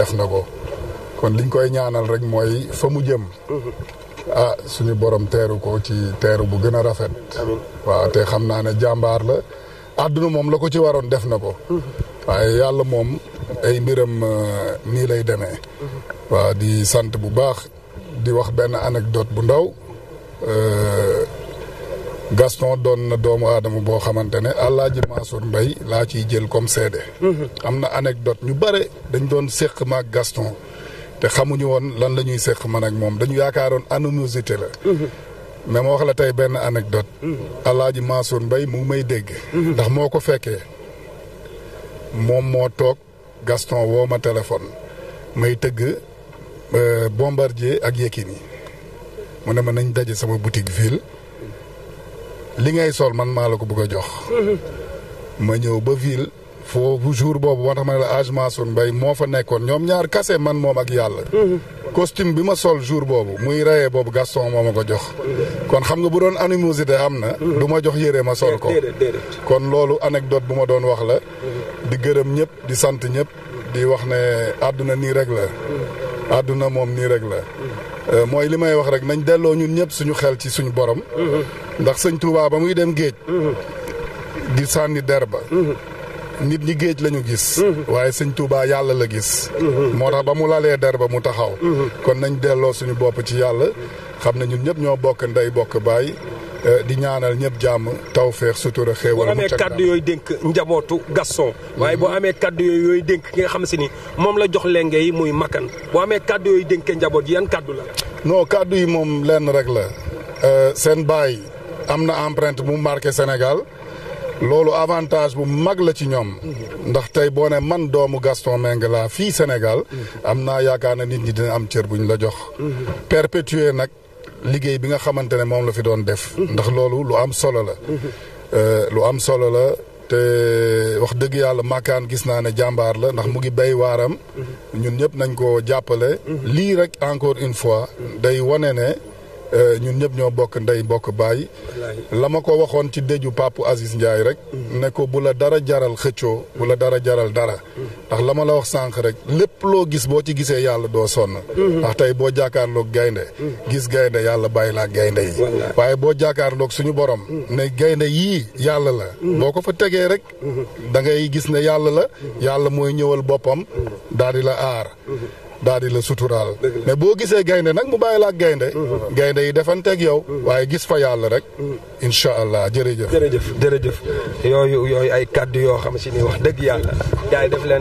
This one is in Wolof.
def na ko kon liñ koy ñaanal rek mooy fa mu jëm mm-hmm. ah suñu borom teeru ko ci teeru bu gën a rafet waaw te xam naa ne jàmbaar la àdduna moom la ko ci waroon def na ko mm-hmm. waaye yàlla moom ay mbiram uh, nii lay demee mm-hmm. waaw di sant bu baax di wax benn dot bu ndaw uh, Gaston doon na doomu aadama boo xamante ne Alaaji Mansour Mbaye laa ciy jël comme seede mhm. am na anecdote ñu bare dañ doon séq ma ak Gaston te xamuñu woon lan la ñuy séq man nag moom dañu yaakaaroon animosité la mhm. mais ma wax la tey benn anecdote mhm. Alaaji Mansour mbay mu may dégg ndax moo ko fekkee moom moo toog Gaston woo ma téléphone may tëgg euh, Bombardier ak Yékini mu ne ma nañ daje sama boutique ville li ngay sol man maa la ko bëgg a jox. ma ñëw ba ville foofu jour boobu moo tax ma ne la âge Mansour Mbaye moo fa nekkoon ñoom ñaar kase man moom ak yàlla. costume bi ma sol jour boobu muy rayé boobu Gaston moo ma ko jox. kon xam nga bu doon animosité am na. du ma jox yére ma sol ko. kon loolu anecdote bu ma doon wax la. di gërëm ñëpp di sant ñëpp. di wax ne àdduna nii rek la. àdduna moom nii rek la euh, mooy li may wax rek nañ delloo ñun ñëpp suñu xel ci suñu borom ndax sëñ Touba ba muy dem géej di sànni der ba nit ñi géej la ñu gis waaye sëñ Touba yàlla la gis moo tax ba mu lalee der ba mu taxaw kon nañ delloo suñu bopp ci yàlla xam ne ñun ñëpp ñoo bokk ndey bokk bàyyi Euh, di ñaanal ñëpp jàmm tawfeex sutura xéewal boo amee kàddu yooyu dénk njabootu Gaston waaye boo amee kàddu yooyu dénk ki nga xam si ni moom la jox lenge muy makkan boo amee kaddu yooyu njaboot yi yan kaddu la non kàddu yi moom lenn rek la euh, seen baay am na empreinte mu marqué Sénégal loolu avantage bu mag la ci ñoom ndax tey boo ne man doomu Gaston Mbengue laa fii Sénégal am naa yaakaar na nit ñi dina am cër buñ la jox mhm. perpétuer nag liggéey bi nga xamante ne moom la fi doon def. ndax loolu lu am solo la. Euh, lu am solo la te wax dëgg yàlla màkkaan gis naa ne jàmbaar la ndax mu ngi béy waaram. ñun ñëpp nañ ko jàppale. lii rek encore une fois day wane ne. Euh, ñun ñëpp ñoo bokk ndey bokk baay la ma ko waxoon ci dëju Pape Aziz Ndiaye rek ne ko bu la dara jaral xëccoo bu la dara jaral dara ndax la ma la wax sànq rek lépp loo gis boo ci gisee yàlla doo sonn mhm. ndax tey boo jàkkaarloog gaynde mhm. gis gaynde yàlla bàyyi laa gaynde yi waaye boo jàkkaarloog suñu borom mhm. ne gaynde yii yàlla la boo ko fa tegee rek da ngay gis ne yàlla la yàlla mooy ñëwal boppam daal di la aar daal di la suturaal mais boo gisee gaynde nag mu bàyyi la ak gaynde gaynde yi teg yow waaye gis fa yàlla rek incha allah jërëjëf jërëjëf yooyu yooyu ay kàddu yoo xam si ni wax